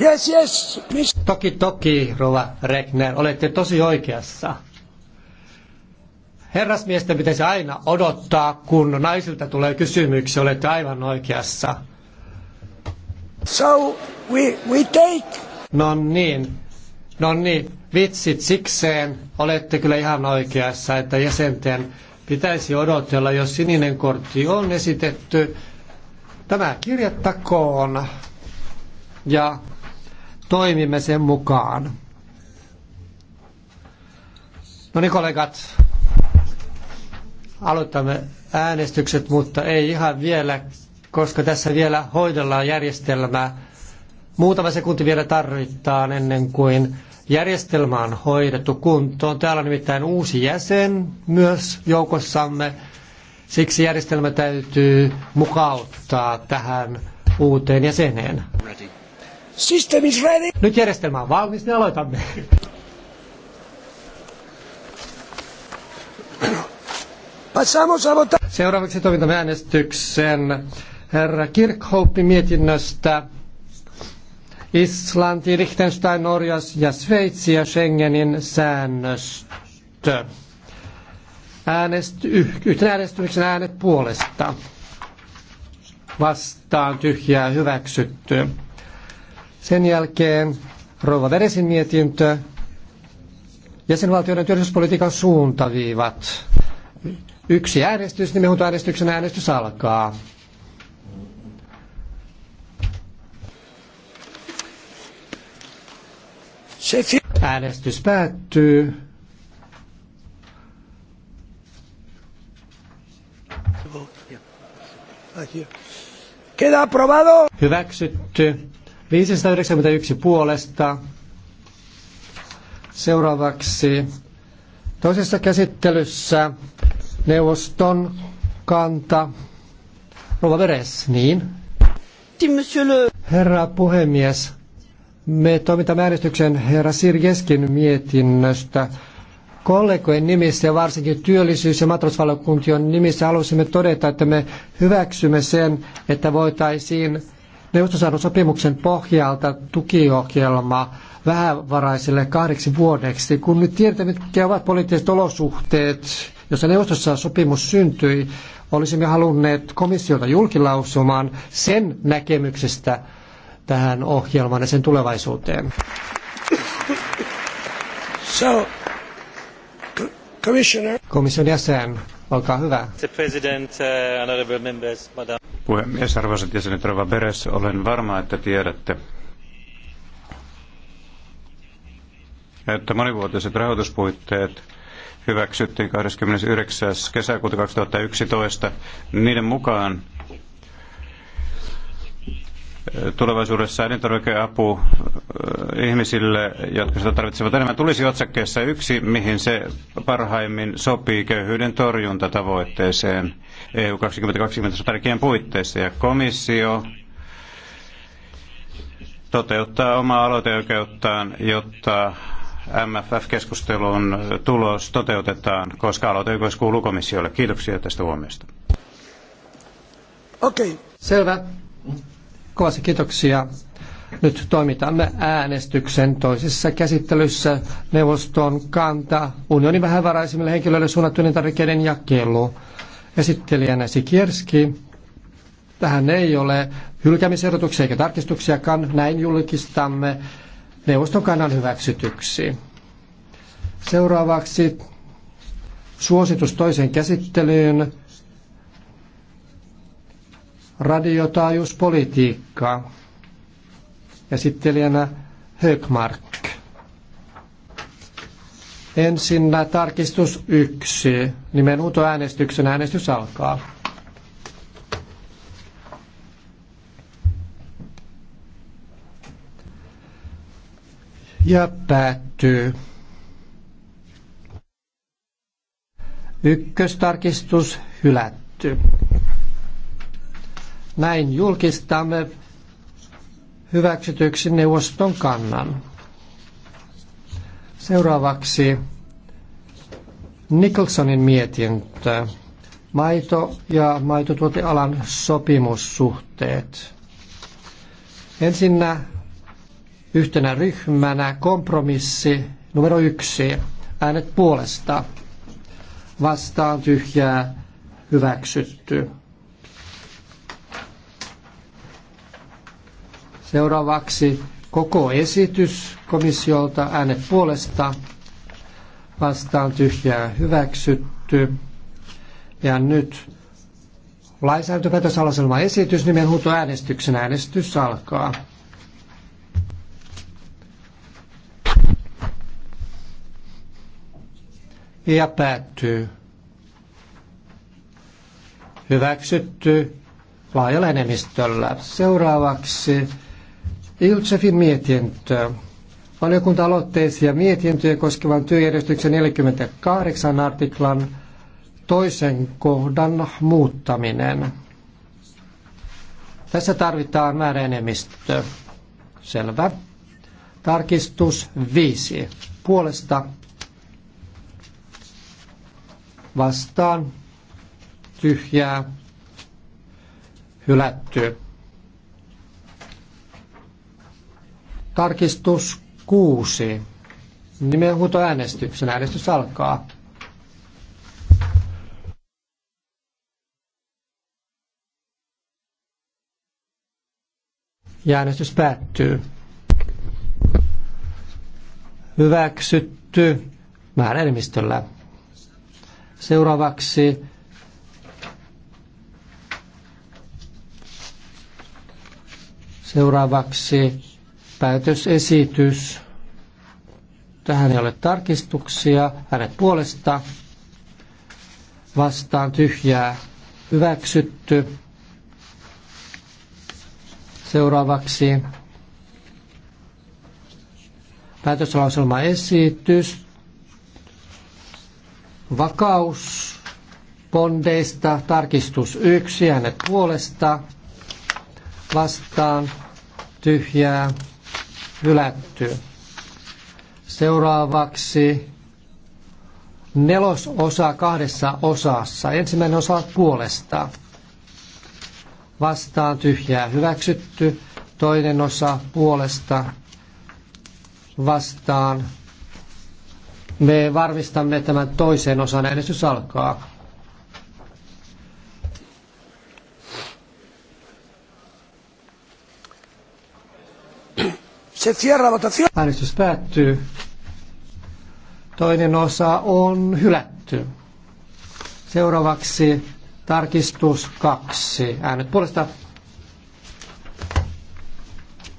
Yes, yes, Mr. Toki, toki, Rova Regner, olette tosi oikeassa. Herrasmiesten pitäisi aina odottaa, kun naisilta tulee kysymyksiä, olette aivan oikeassa. So, we, we take... No niin, no niin, vitsit sikseen, olette kyllä ihan oikeassa, että jäsenten pitäisi odotella, jos sininen kortti on esitetty. Tämä kirjattakoon ja toimimme sen mukaan. No niin kollegat, aloitamme äänestykset, mutta ei ihan vielä, koska tässä vielä hoidellaan järjestelmää. Muutama sekunti vielä tarvitaan ennen kuin järjestelmä on hoidettu kuntoon. Täällä on nimittäin uusi jäsen myös joukossamme. Siksi järjestelmä täytyy mukauttaa tähän uuteen jäseneen. System is ready. Nyt järjestelmä on valmis, niin aloitamme. Seuraavaksi toimintamme äänestyksen herra Kirkhouppi mietinnöstä. Islanti, Liechtenstein, Norja ja Sveitsi ja Schengenin säännöstö. Äänest, yhtenä äänestyksen äänet puolesta. Vastaan tyhjää hyväksytty. Sen jälkeen Rouva Veresin mietintö. Jäsenvaltioiden työllisyyspolitiikan suuntaviivat. Yksi äänestys, äänestyksen äänestys alkaa. Äänestys päättyy. Queda aprobado. Hyväksytty. 591 puolesta. Seuraavaksi toisessa käsittelyssä neuvoston kanta. Rova Veres, niin. Herra puhemies, me toimitamme äänestyksen herra Sirjeskin mietinnöstä. Kollegojen nimissä ja varsinkin työllisyys- ja maatalousvaliokuntien nimissä halusimme todeta, että me hyväksymme sen, että voitaisiin neuvostosaadun sopimuksen pohjalta tukiohjelma vähävaraisille kahdeksi vuodeksi. Kun nyt tiedetään, mitkä ovat poliittiset olosuhteet, jossa neuvostossa sopimus syntyi, olisimme halunneet komissiolta julkilausumaan sen näkemyksestä, tähän ohjelmaan ja sen tulevaisuuteen. So, commissioner. Komission jäsen, olkaa hyvä. The president, uh, honorable members, Puhemies, arvoisat jäsenet, Rova Beres, olen varma, että tiedätte, että monivuotiset rahoituspuitteet hyväksyttiin 29. kesäkuuta 2011. Niiden mukaan tulevaisuudessa elintarvikeapu ihmisille, jotka sitä tarvitsevat enemmän, tulisi otsakkeessa yksi, mihin se parhaimmin sopii köyhyyden torjuntatavoitteeseen EU 2020 strategian puitteissa. Ja komissio toteuttaa omaa aloiteoikeuttaan, jotta MFF-keskustelun tulos toteutetaan, koska aloiteoikeus kuuluu komissiolle. Kiitoksia tästä huomiosta. Okei. Okay. Selvä. Kovasti kiitoksia. Nyt toimitamme äänestyksen toisessa käsittelyssä neuvoston kanta unionin vähävaraisimmille henkilöille suunnattujen tarvikkeiden jakelu. Esittelijänä Sikierski. Tähän ei ole hylkäämisehdotuksia eikä tarkistuksiakaan. Näin julkistamme neuvoston kannan hyväksytyksi. Seuraavaksi suositus toiseen käsittelyyn radiotaajuuspolitiikkaa. Esittelijänä Högmark. Ensinnä tarkistus yksi. nimen äänestyksen äänestys alkaa. Ja päättyy. Ykköstarkistus hylätty. Näin julkistamme hyväksytyksi neuvoston kannan. Seuraavaksi Nicholsonin mietintö. Maito- ja maitotuotealan sopimussuhteet. Ensinnä yhtenä ryhmänä kompromissi numero yksi. Äänet puolesta. Vastaan tyhjää hyväksytty. Seuraavaksi koko esitys komissiolta äänet puolesta vastaan tyhjää hyväksytty. Ja nyt lainsäädäntöpäätösalaselma esitys nimen huuto äänestyksen äänestys alkaa. Ja päättyy. Hyväksytty laajalla enemmistöllä. Seuraavaksi Iltsefin mietintöä. Valiokunta-aloitteisia mietintöjä koskevan työjärjestyksen 48 artiklan toisen kohdan muuttaminen. Tässä tarvitaan määräenemmistö. Selvä. Tarkistus 5. Puolesta vastaan tyhjää hylättyä. Tarkistus 6. Nimenhuuto äänestyksen. Äänestys alkaa. Ja äänestys päättyy. Hyväksytty vähän enemmistöllä. Seuraavaksi seuraavaksi Päätösesitys. Tähän ei ole tarkistuksia. Hänet puolesta vastaan tyhjää hyväksytty. Seuraavaksi päätöslauselma esitys. Vakaus pondeista tarkistus yksi hänet puolesta vastaan tyhjää hylätty. Seuraavaksi nelososa kahdessa osassa. Ensimmäinen osa puolesta. Vastaan tyhjää hyväksytty. Toinen osa puolesta vastaan. Me varmistamme tämän toisen osan. Äänestys alkaa. Se cierra votación. Äänestys päättyy. Toinen osa on hylätty. Seuraavaksi tarkistus kaksi. Äänet puolesta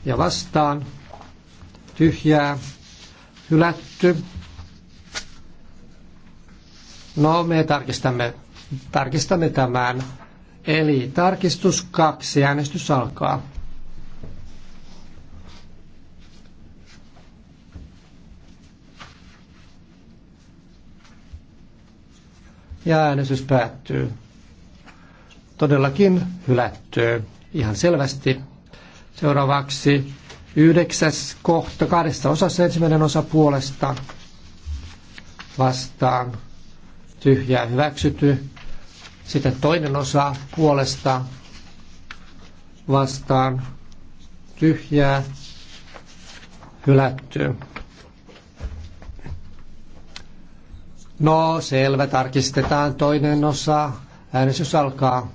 ja vastaan. Tyhjää. Hylätty. No, me tarkistamme, tarkistamme tämän. Eli tarkistus kaksi. Äänestys alkaa. ja äänestys päättyy. Todellakin hylättyy ihan selvästi. Seuraavaksi yhdeksäs kohta kahdessa osassa ensimmäinen osa puolesta vastaan tyhjää hyväksytty. Sitten toinen osa puolesta vastaan tyhjää hylättyy. No selvä, tarkistetaan toinen osa. Äänestys alkaa.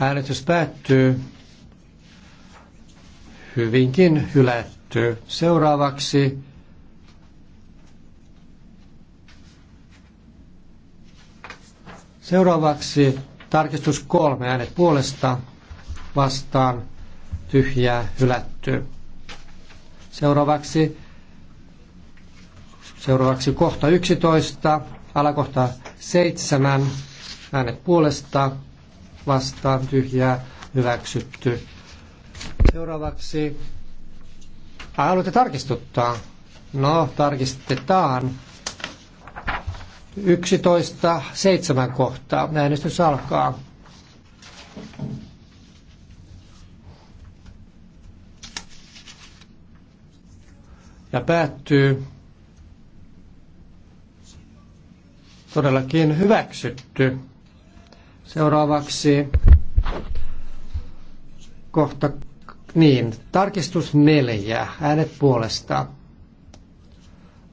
Äänestys päättyy. Hyvinkin hylätty. Seuraavaksi Seuraavaksi tarkistus kolme äänet puolesta vastaan tyhjää hylätty. Seuraavaksi, seuraavaksi kohta 11, alakohta 7, äänet puolesta vastaan tyhjää hyväksytty. Seuraavaksi haluatte tarkistuttaa. No, tarkistetaan. 11.7. kohtaa. Äänestys alkaa. ja päättyy todellakin hyväksytty. Seuraavaksi kohta niin, tarkistus neljä, äänet puolesta.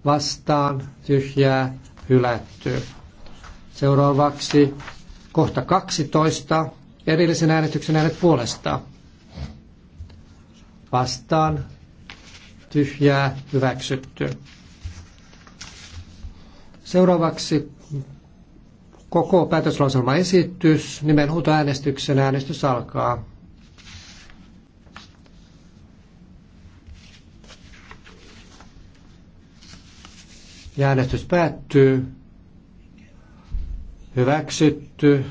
Vastaan, tyhjää, hylätty. Seuraavaksi kohta 12, erillisen äänestyksen äänet puolesta. Vastaan, tyhjää hyväksytty. Seuraavaksi koko päätöslauselma esitys äänestyksen äänestys alkaa. Ja äänestys päättyy. Hyväksytty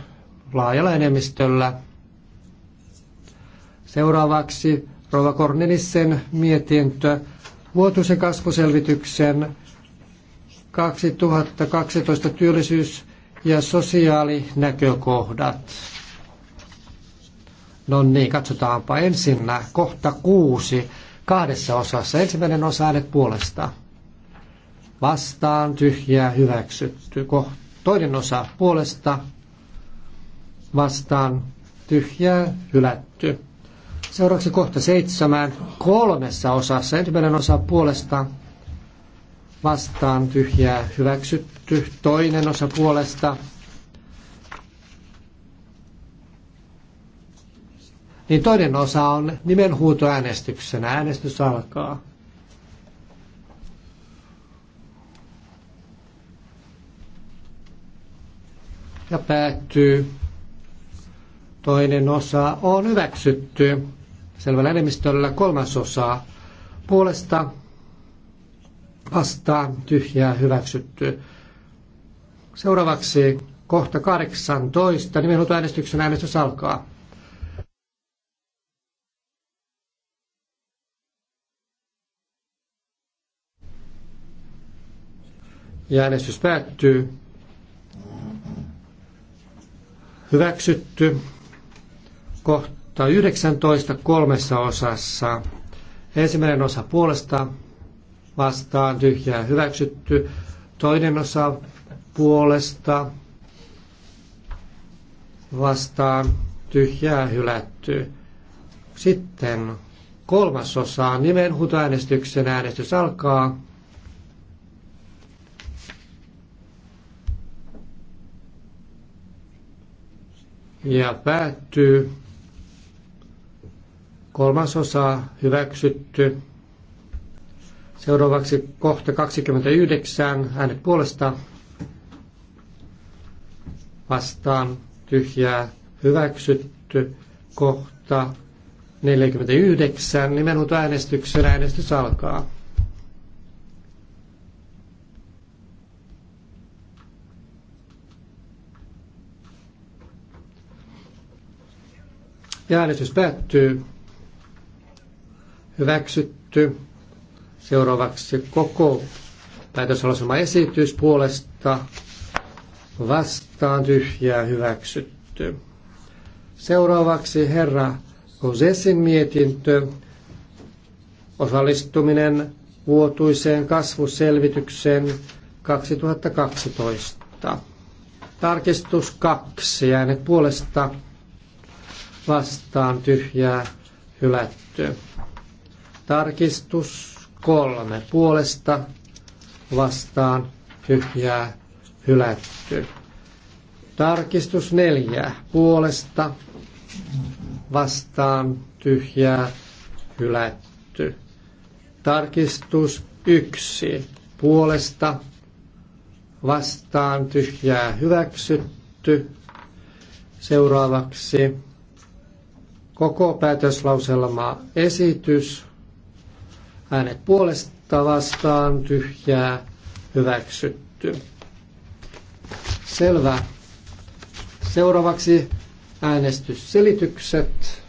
laajalla enemmistöllä. Seuraavaksi Rova Kornelissen mietintö vuotuisen kasvuselvityksen 2012 työllisyys- ja sosiaalinäkökohdat. No niin, katsotaanpa ensin kohta kuusi kahdessa osassa. Ensimmäinen osa äänet puolesta. Vastaan tyhjää hyväksytty. koht, toinen osa puolesta. Vastaan tyhjää hylätty. Seuraavaksi kohta seitsemän kolmessa osassa. Ensimmäinen osa puolesta vastaan tyhjää hyväksytty. Toinen osa puolesta niin toinen osa on nimenhuutoäänestyksenä. Äänestys alkaa. Ja päättyy. Toinen osa on hyväksytty selvällä enemmistöllä kolmasosaa puolesta vastaan tyhjää hyväksytty. Seuraavaksi kohta 18. äänestyksen äänestys alkaa. Ja äänestys päättyy. Hyväksytty. Kohta 19 kolmessa osassa. Ensimmäinen osa puolesta vastaan tyhjää hyväksytty. Toinen osa puolesta vastaan tyhjää hylätty. Sitten kolmas osa nimenhuutoäänestyksen äänestys alkaa. Ja päättyy kolmasosa hyväksytty. Seuraavaksi kohta 29, äänet puolesta vastaan tyhjää hyväksytty. Kohta 49, nimenhuuto äänestyksen äänestys alkaa. Ja äänestys päättyy hyväksytty. Seuraavaksi koko päätösolosama esitys puolesta vastaan tyhjää hyväksytty. Seuraavaksi herra Kosesin mietintö osallistuminen vuotuiseen kasvuselvitykseen 2012. Tarkistus 2. Äänet puolesta vastaan tyhjää hylätty. Tarkistus kolme puolesta vastaan tyhjää hylätty. Tarkistus neljä puolesta vastaan tyhjää hylätty. Tarkistus yksi puolesta vastaan tyhjää hyväksytty. Seuraavaksi koko päätöslauselma esitys Äänet puolesta vastaan tyhjää hyväksytty. Selvä. Seuraavaksi äänestysselitykset.